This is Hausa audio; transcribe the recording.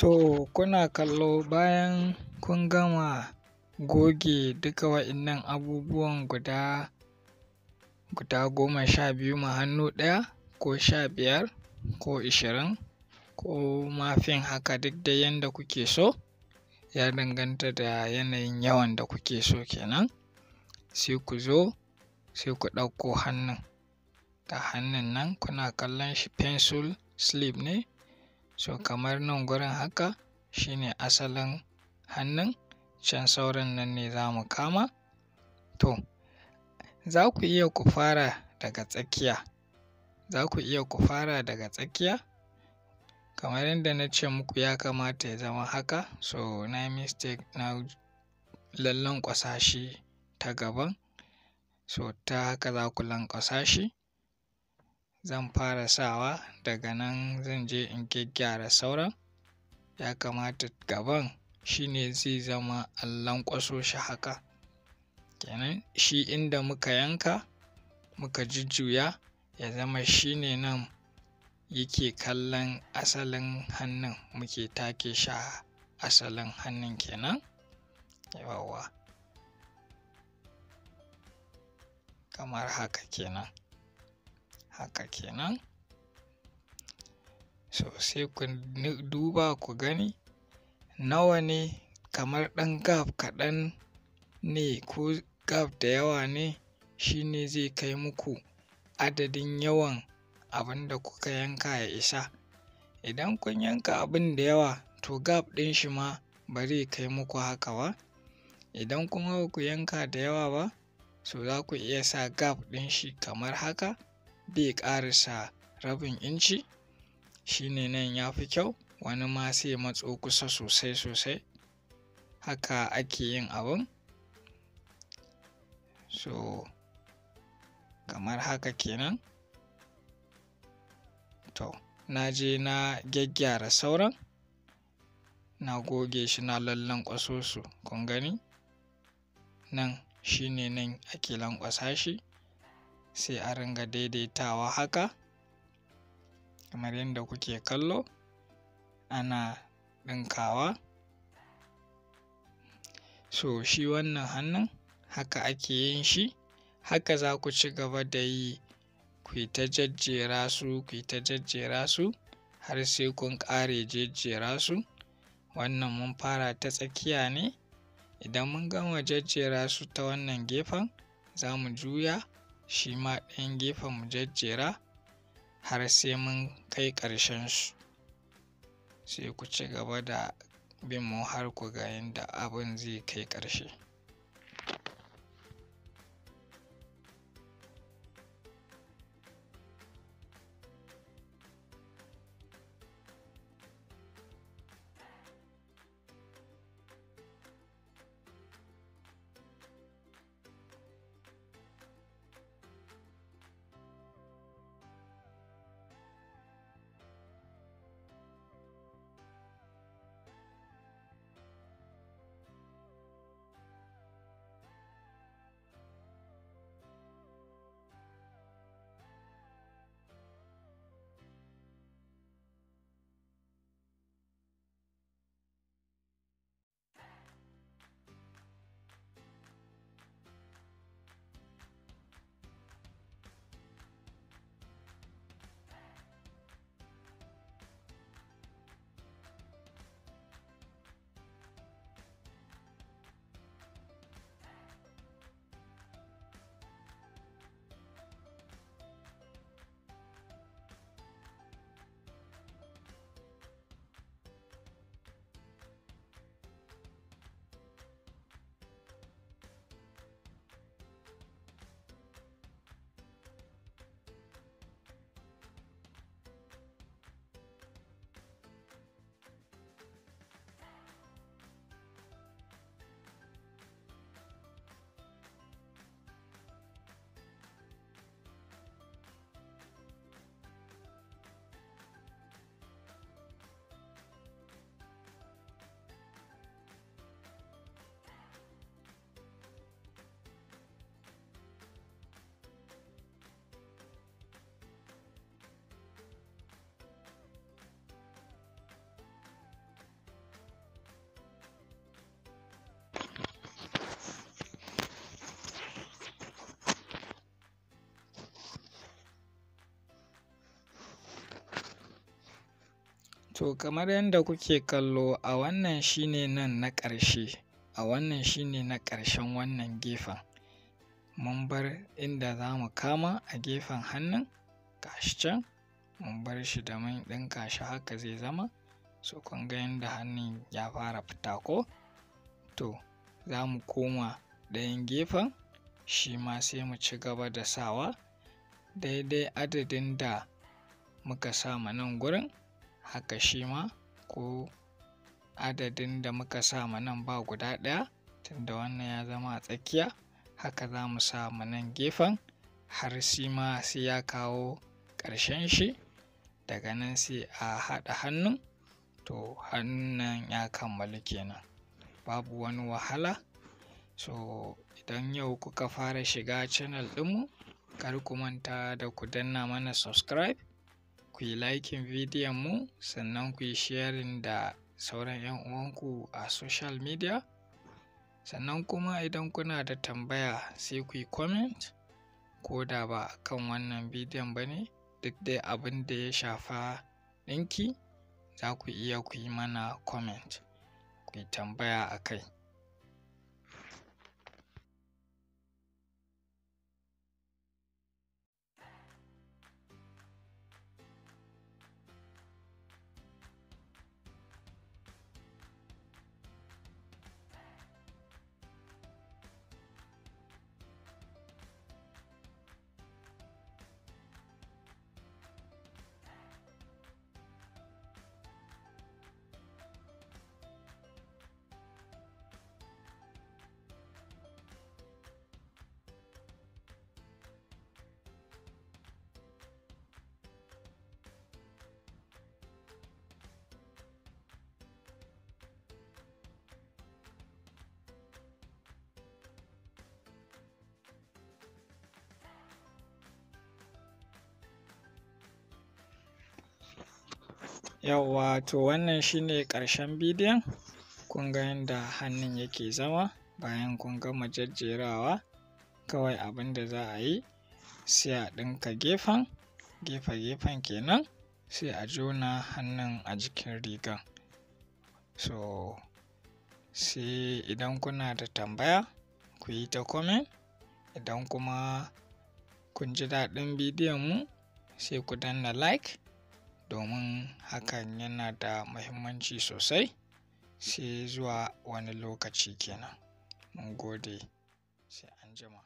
To kuna kallo bayan kun gama goge duka wa'innan abubuwan guda, guda goma sha biyu ma hannu ɗaya ko sha biyar ko ishirin, ko ma haka duk da yanda kuke so. Ya danganta da yanayin yawan da kuke so kenan. Sai ku zo sai ku ɗauko hannun. Ga hannun nan kuna kallon shi pencil slim ne so kamar nan gurin haka shine asalin hannun can sauran nan ne za mu kama to za ku iya ku fara daga tsakiya za ku iya ku fara daga tsakiya kamar yadda na ce muku ya kamata ya zama haka so na mistake na lallan shi ta gaban so ta haka za ku lankwasa shi zan fara sawa daga nan zan je in gyaggyara sauran ya kamata gaban shine zai zama allon lankwaso shi haka kenan shi inda muka yanka muka jujjuya ya zama shine nan yake kallon asalin hannun muke take sha asalin hannun kenan yawwa kamar haka kenan haka kenan so sai ku duba ku gani nawa ne kamar ɗan gaf kaɗan ne ko gaf da yawa ne shine zai kai muku adadin yawan abin da kuka yanka ya isa idan kun yanka abin da yawa to gaf ɗin shi ma ba zai kai muku haka ba idan kuma ba ku yanka da yawa ba so za ku iya sa gaf ɗin shi kamar haka bai ƙarisa rabin inci shine nan ya fi kyau wani ma sai matso kusa sosai sosai haka ake yin abin so kamar haka kenan to na je na gyaggyara sauran na goge shi na lallan su kun gani nan shine nan ake lankwasa shi sai a ringa daidaitawa haka kamar yadda kuke kallo ana ɗinkawa so shi wannan hannun haka ake yin shi haka za ku ci gaba da yi ku yi ta jajjera su ku yi ta jajjera su har sai kun ƙare jejjera su wannan mun fara ta tsakiya ne idan mun gama jejjera su ta wannan gefen za mu juya shi ma ɗayan gefen mu jejjera har sai mun kai ƙarshen su sai ku ci gaba da bin mu har ku ga yadda abin zai kai ƙarshe To kamar yadda kuke kallo a wannan shine nan na ƙarshe, a wannan shine na ƙarshen wannan gefen. Mun bar inda za mu kama a gefen hannun, gashi can, mun bar shi da mun ɗin shi haka zai zama. So kun ga yadda hannun ya fara fita ko? To za mu koma ɗayan gefen, shi ma sai mu ci gaba da sawa daidai adadin da muka sa ma nan gurin. haka shi ma ko adadin da muka sa ma nan ba guda ɗaya tunda wannan ya zama a tsakiya haka za mu sa ma nan gefen har shi ma sai ya kawo ƙarshen shi daga nan sai a haɗa hannun to hannun ya kammalu kenan babu wani wahala so idan yau kuka fara shiga channel ɗinmu kar ku manta da ku danna mana subscribe ku yi likin bidiyon mu sannan ku yi sharing da sauran 'yan uwanku a social media sannan kuma idan kuna da tambaya sai ku yi comment ko da ba kan wannan bidiyon ba ne duk dai abin da ya shafa ɗinki za ku iya ku yi mana comment ku yi tambaya a kai Yawwa to wannan shine ƙarshen bidiyon. Kun ga yadda hannun yake zama bayan kun gama jajjerawa. Kawai abin da za a yi sai a ɗinka gefen, gefe-gefen kenan sai a jona hannun a jikin rigan. So sai idan kuna da tambaya ku yi ta komen Idan kuma kun ji daɗin bidiyon mu sai ku danna like. domin hakan yana da muhimmanci sosai sai zuwa wani lokaci kenan mun gode sai an jima